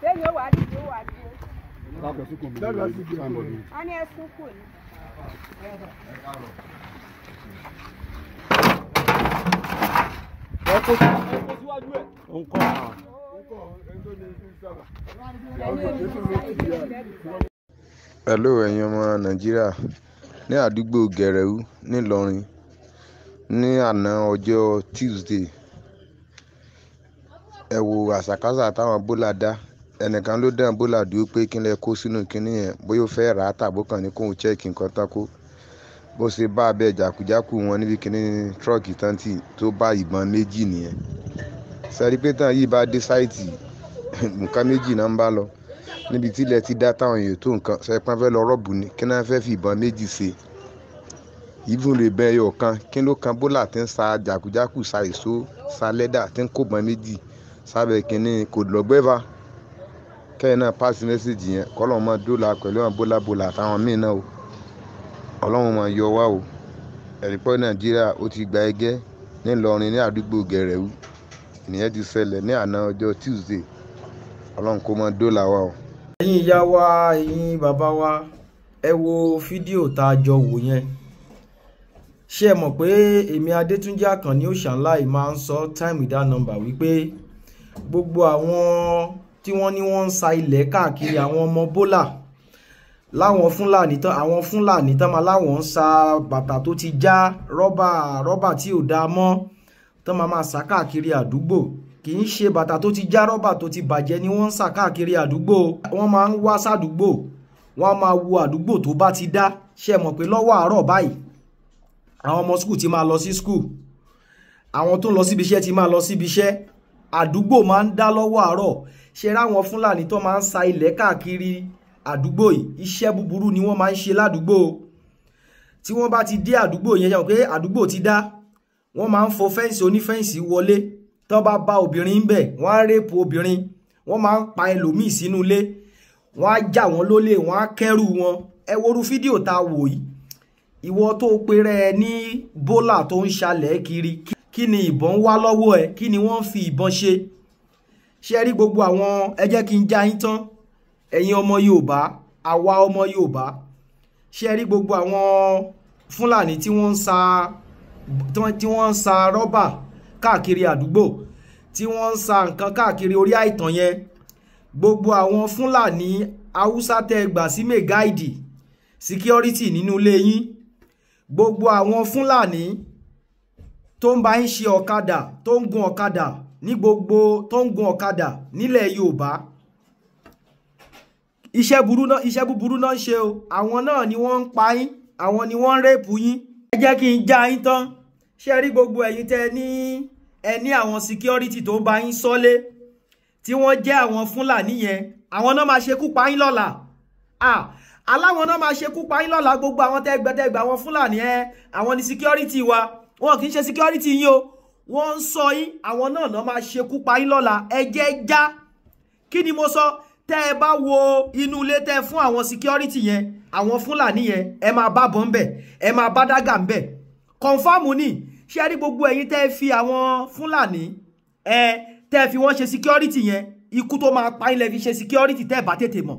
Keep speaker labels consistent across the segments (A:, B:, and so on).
A: Tẹ́yìn ó wà dìde ó wà dìde. Lábẹ̀
B: ní Nàìjíríà ní ọjọ́ Tuesday ẹ wo àṣàkáṣà táwọn bólà dá ẹnìkan ló dán bólà dúró pé kí n lè kó sínú kinní yẹn bóyá ó fẹ́ rà á tàbó kàn ní kóun chẹ́ẹ̀kì nǹkan tán kó bó ṣe bá abẹ́ jàkújákù wọn níbi kinní tírọ̀kì tán tì tó bá ìbọn méjì nìyẹn sẹ́rí pé tán yìí bá dé sáìtì nǹkan méjì náà ń bá lọ níbi tílẹ̀ ti dá táwọn èèyàn tó nǹkan sọ pé wọ́n fẹ́ lọ rọ́ọ̀bù ni kí náà fẹ́ fi ìbọn méjì ṣe ìbùn lè bẹ ẹyọ kan kí ló kan bólà tí ń sa jàkújákù sa èso sa lẹ́dà tí ń kó ìbọn méjì sábẹ́ kínní kò lọ́gbẹ́fà kẹ́yìn náà pass message yẹn kọ́lọ́ máa dóòlà pẹ̀lú àwọn bólàbólà àtàwọn míì náà o ọlọ́run máa yọ wá o ẹ̀rípọ́ nàìjíríà ó ti gba ẹgẹ́ ńìlọrin ní àdúgbò gẹ̀rẹ́wú ìnìyẹn ti ṣẹlẹ̀ ní àná ọjọ́ tuesday ọlọ́run kó máa dóòlà wa o. ẹ̀yin ìyá wa ẹ̀yin bàbá wa ẹ wo
A: fídíò tá a jọ wò yẹn ṣé ẹ mọ̀ pé èmi adétúnjì àkànní òṣàlàyé máa ń sọ time without number wípé gbogbo àwọn tí wọ́n ní wọ́n ń sa ilẹ̀ káàkiri àwọn ọmọ bólà láwọn fúlàní tán àwọn fúlàní tán máa láwọn ń sa bàtà tó ti já rọ́bà rọ́bà tí ò dáa mọ́ tán máa máa sá káàkiri àdúgbò kì í ṣe bàtà tó ti já rọ́bà tó ti bàjẹ́ ni wọ́n ń sá káàkiri àdúgbò wọ́n máa ń wá sádùúgbò wọ́n á máa wo àdúgbò tó bá ti dá ṣe mọ̀ pé lọ́wọ́ àárọ̀ báyìí àwọn ọmọ skul ti máa lọ sí skul àwọn tó ń lọ síbi iṣẹ́ ti máa lọ síbi iṣẹ́ àdúgbò máa ń dá lọ́wọ́ àárọ̀ ṣe ráwọn fúlàní tó máa ń sa ilẹ̀ káàkiri àdúgbò yìí iṣẹ́ búburú ni wọ́n máa ń ṣe ládùúgbò tí wọ́n bá ti dé àdúgbò yẹn jẹun pé àdúgbò ti dá wọ́n máa ń fo fẹ́ǹsì onífẹ́ǹsì wọlé tó bá bá obìnrin ń bẹ̀ wọ́n á rèpò obìnrin wọ́n máa ń pa ẹlòmíì sínú ilé wọ́n á já wọn lólè wọ́n á kẹ́rù wọn ẹ worú fídíò tá a wò yìí ìwọ tó péré ní bólà tó ń ṣalẹ̀ kiri kí ni ìbọn ń wá lọ́wọ́ ẹ kí ni wọ́n ń fi ìbọn ṣe ṣe rí gbogbo àwọn ẹ jẹ́ kí n já yín tán ẹ̀yin ọmọ Yorùbá àwa ọmọ Yorùbá ṣe rí gbogbo àwọn Fúlàní tí wọ́n ń sa tí wọ́n ń sa rọ́bà káàkiri àdúgbò tí wọ́n ń sa nǹkan káàkiri orí àìtàn yẹn gbogbo àwọn Fúlàní Haúsá tẹ gbà sí mẹ́gáìdì síkírọ́rítì nínú ilé yín gbogbo àwọn Fúlàní tó ń bá ń ṣe ọ̀kadà tó ń gun ọ̀kadà ní gbogbo tó ń gun ọ̀kadà nílẹ̀ Yorùbá iṣẹ́ burú náà iṣẹ́ búburú náà ṣe o àwọn náà ni wọ́n ń pa yín àwọn ni wọ́n ń rẹ́pù yín ẹ jẹ́ kí n já yín tán ṣé rí gbogbo ẹ̀yin tẹ́ ní ẹ ní àwọn security tó ń bá yín sọ́lé tí wọ́n jẹ́ àwọn Fúlàní yẹn àwọn náà máa ṣekú pa yín lọ́la aláwọn náà máa ṣekú pa yín lọ́la gbogbo àwọn tẹ́gbẹ́tẹ́gbẹ́ àwọn Fúlàní ẹ àwọn ni security wa wọn kì í ṣe security yín o wọ́n ń sọ yín àwọn náà náà máa ṣekú pa yín lọ́la ẹ̀jẹ̀ já kí ni mo sọ tẹ́ ẹ bá wo inú ilé tẹ́ fún àwọn security yẹn àwọn fúlàní yẹn ẹ máa bá bọ́ ń bẹ̀ ẹ máa bá dágà ń bẹ̀ kọ̀ǹfàmù ni ṣé ẹ rí gbogbo ẹ̀yin tẹ́ ẹ fi àwọn fúlàní ẹ tẹ́ ẹ fi wọ́n ṣe security yẹn ikú tó máa pa yín lẹ́ fi ṣe security tẹ́ ẹ bá tètè mọ̀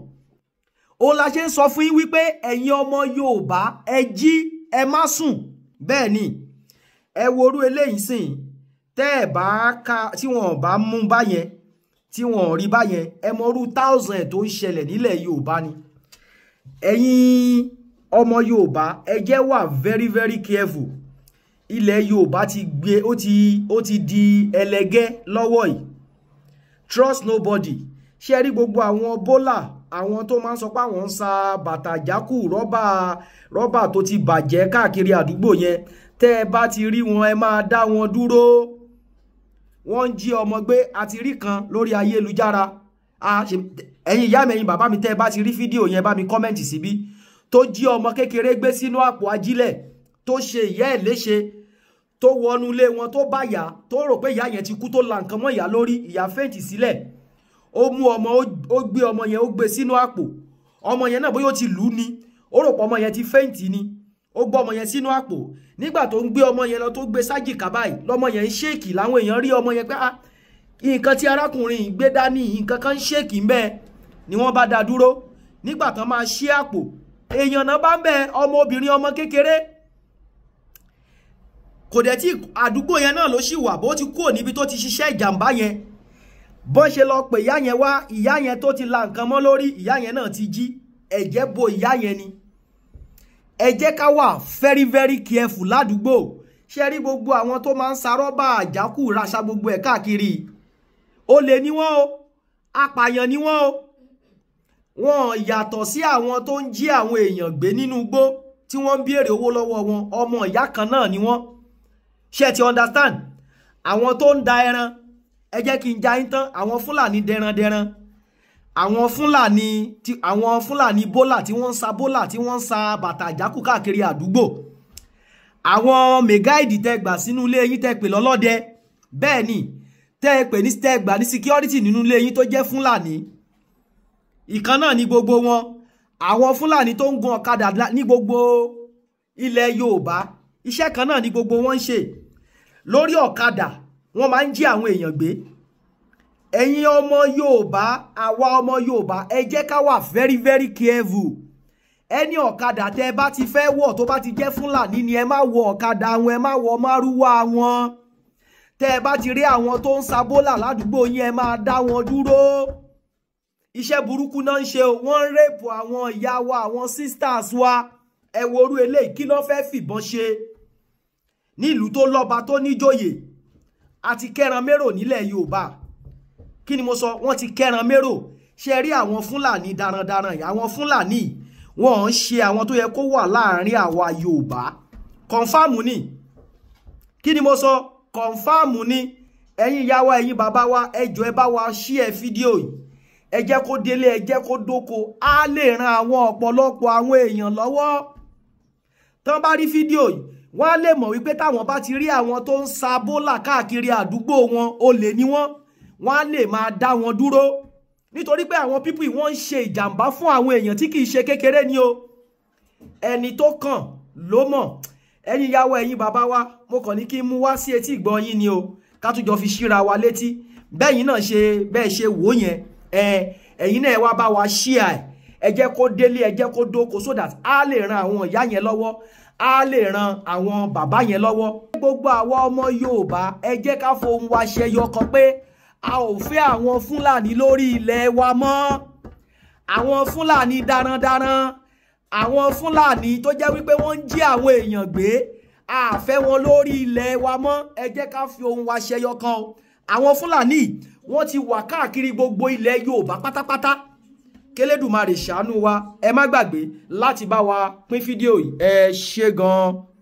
A: ó la ṣe ń sọ fún yín wípé ẹ̀yin ọmọ Yorùbá ẹ jí ẹ má sùn bẹ́ẹ̀ ni ẹ worú eléyìí sìn tẹ́ ẹ̀ bá ka tí wọ́n bá mú báyẹn tí wọ́n rí báyẹn ẹ mọrú thousand tó ń ṣẹlẹ̀ nílẹ̀ yorùbá ni ẹ̀yin ọmọ yorùbá ẹ jẹ́ wà very very careful ilẹ̀ yorùbá ti gbé ó ti ó ti di ẹlẹgẹ́ lọ́wọ́ yìí trust nobody ṣe rí gbogbo àwọn bólà àwọn tó máa ń sọ pé àwọn ń sa bàtà jákù rọ́bà rọ́bà tó ti bàjẹ́ káàkiri àdúgbò yẹn tẹ́ ẹ bá ti rí wọn ẹ máa dá wọn dúró wọ́n ń jí ọmọ gbé àti rí kan lórí ayélujára ẹ̀yin ìyá mi ẹ̀yin bàbá mi tẹ́ ẹ bá ti rí fídíò yẹn bá mi kọ́mẹ̀ntì síbí tó jí ọmọ kékeré gbé sínú àpò ajílẹ̀ tó ṣe ìyá ẹ̀ léṣe tó wọnú ilé wọn tó bá yá tó rò pé ìyá yẹn ti kú tó la nǹkan mọ́ ìyá lórí ìyá fẹ́ǹtì sílẹ̀ ó mú ọmọ ó gbé ọmọ yẹn ó gbé sínú àpò ọmọ yẹn náà bóyá ó ti lù ú ni ó rò pọ̀ ọmọ yẹn ti fẹ́ǹtì ni ó gbọ́ ọmọ yẹn sínú àpò nígbà tó ń gbé ọmọ yẹn lọ tó gbé sájìká báyìí lọ́mọ yẹn ń ṣèkì láwọn èèyàn rí ọmọ yẹn pé ah, nǹkan tí arákùnrin gbé dání ni wọ́n bá da dúró nígbà tán máa ṣí àpò èèyàn náà ọmọ obìnrin ọmọ kékeré kò dẹ̀ tí àdúgbò yẹn náà ló ṣì wà bó ti tó bọ́n ṣe lọ pè ìyá yẹn wá ìyá yẹn tó ti la nǹkan mọ́ lórí ìyá yẹn náà ti jí ẹ̀jẹ̀ bo ìyá yẹn ni ẹ jẹ́ ká wà very very careful ládùúgbò ṣe rí gbogbo àwọn tó máa ń sarọ́bà àjákù raṣa gbogbo ẹ̀ káàkiri olè ni wọ́n o apààyàn ni wọ́n o wọn yàtọ̀ sí àwọn tó ń jí àwọn èèyàn gbé nínú igbó tí wọ́n ń béèrè owó lọ́wọ́ wọn ọmọ ìyá kan náà ni wọ́n ṣe ti understand àwọn tó ń da ẹran ẹ jẹ́ kí n já yín tán àwọn fúlàní dẹrandẹran àwọn fúlàní tí àwọn fúlàní bólà tí wọ́n ń sa bólà tí wọ́n ń sa bàtà àjákù káàkiri àdúgbò àwọn mẹgáìdì tẹ gbà sínú ilé yín tẹ pè lọ́lọ́dẹ bẹ́ẹ̀ ni tẹ pè ní tẹ gbà ní security nínú ilé yín tó jẹ́ fúlàní ìkan náà ni gbogbo wọn àwọn fúlàní tó ń gun ọ̀kadà ní gbogbo ilẹ̀ yorùbá iṣẹ́ kan náà ni gbogbo wọn ń ṣe lórí ọ̀kadà wọ́n máa ń jí àwọn èèyàn gbé ẹ̀yin ọmọ Yorùbá àwa ọmọ Yorùbá ẹ jẹ́ ká wà very very careful ẹni ọ̀kadà tẹ́ ẹ bá ti fẹ́ wọ̀ tó bá ti jẹ́ Fúlàní ni ẹ má wọ ọ̀kadà wọn ẹ má wọ márúwá wọn tẹ́ ẹ bá ti rí àwọn tó ń sa bólà ládùúgbò yín ẹ máa dá wọn dúró iṣẹ́ burúkú náà ń ṣe wọ́n ń rèpù àwọn ìyá wa àwọn sisters wa ẹ wo orú eléyìí kí ló fẹ́ fìbọn ṣe nílùú tó lọ́ba tó níjòyè àti kẹran mérò nílẹ̀ Yorùbá kí ni mo sọ wọ́n ti kẹran mérò ṣe rí àwọn Fúlàní darandaran yìí àwọn Fúlàní wọn ò ń ṣe àwọn tó yẹ kó wà láàrin àwa Yorùbá kọ̀ǹfàmù ni kí ni mo sọ kọ̀ǹfàmù ni ẹ̀yin ìyá wa ẹ̀yin bàbá wa ẹ jọ̀ọ́ ẹ bá wa ṣí ẹ fídíò yìí ẹ jẹ́ kó délé ẹ jẹ́ kó dóko á lè ran àwọn ọ̀pọ̀lọpọ̀ àwọn èèyàn lọ́wọ́ tán bá rí fídíò yìí wọ́n á lè mọ̀ wípé táwọn bá ti rí àwọn tó ń sa bólà káàkiri àdúgbò wọn olè ni wọ́n wọ́n á lè máa dá wọn dúró nítorí pé àwọn pípù wọ́n ń ṣe ìjàmbá fún àwọn èèyàn tí kì ṣe kékeré ni o ẹni tó kàn ló mọ̀ ẹ̀yin ìyàwó ẹ̀yin bàbá wa mo kàn ní kí n mú wá sí etí ìgbọ́ yín ni o ká tún jọ fi ṣíra wa létí bẹ́yìn náà ṣe bẹ́ẹ̀ ṣe wò yẹn ẹ̀yin náà wá bá wa ṣíà ẹ jẹ́ kó délé ẹ jẹ́ kó dóko so that a lè ran àwọn ìyá yẹn lọ́wọ́ á lè ran àwọn bàbá yẹn lọ́wọ́. gbogbo àwọn ọmọ Yorùbá ẹ jẹ́ ká fohùn wa ṣẹyọ kan pé a ò fẹ́ àwọn Fúlàní lórí ilẹ̀ wa mọ́ àwọn Fúlàní darandaran àwọn Fúlàní tó jẹ́ wípé wọ́n ń jí àwọn èèyàn gbé a fẹ́ wọn lórí ilẹ̀ wa mọ́ ẹ jẹ́ ká fi ohùn wa ṣẹyọ kan o àwọn Fúlàní wọ́n ti wà káàkiri gbogbo ilẹ̀ Yorùbá pátápátá kélédùmarè ṣàánú wa ẹ má gbàgbé láti bá wa pín fídíò yìí ẹ ṣé gan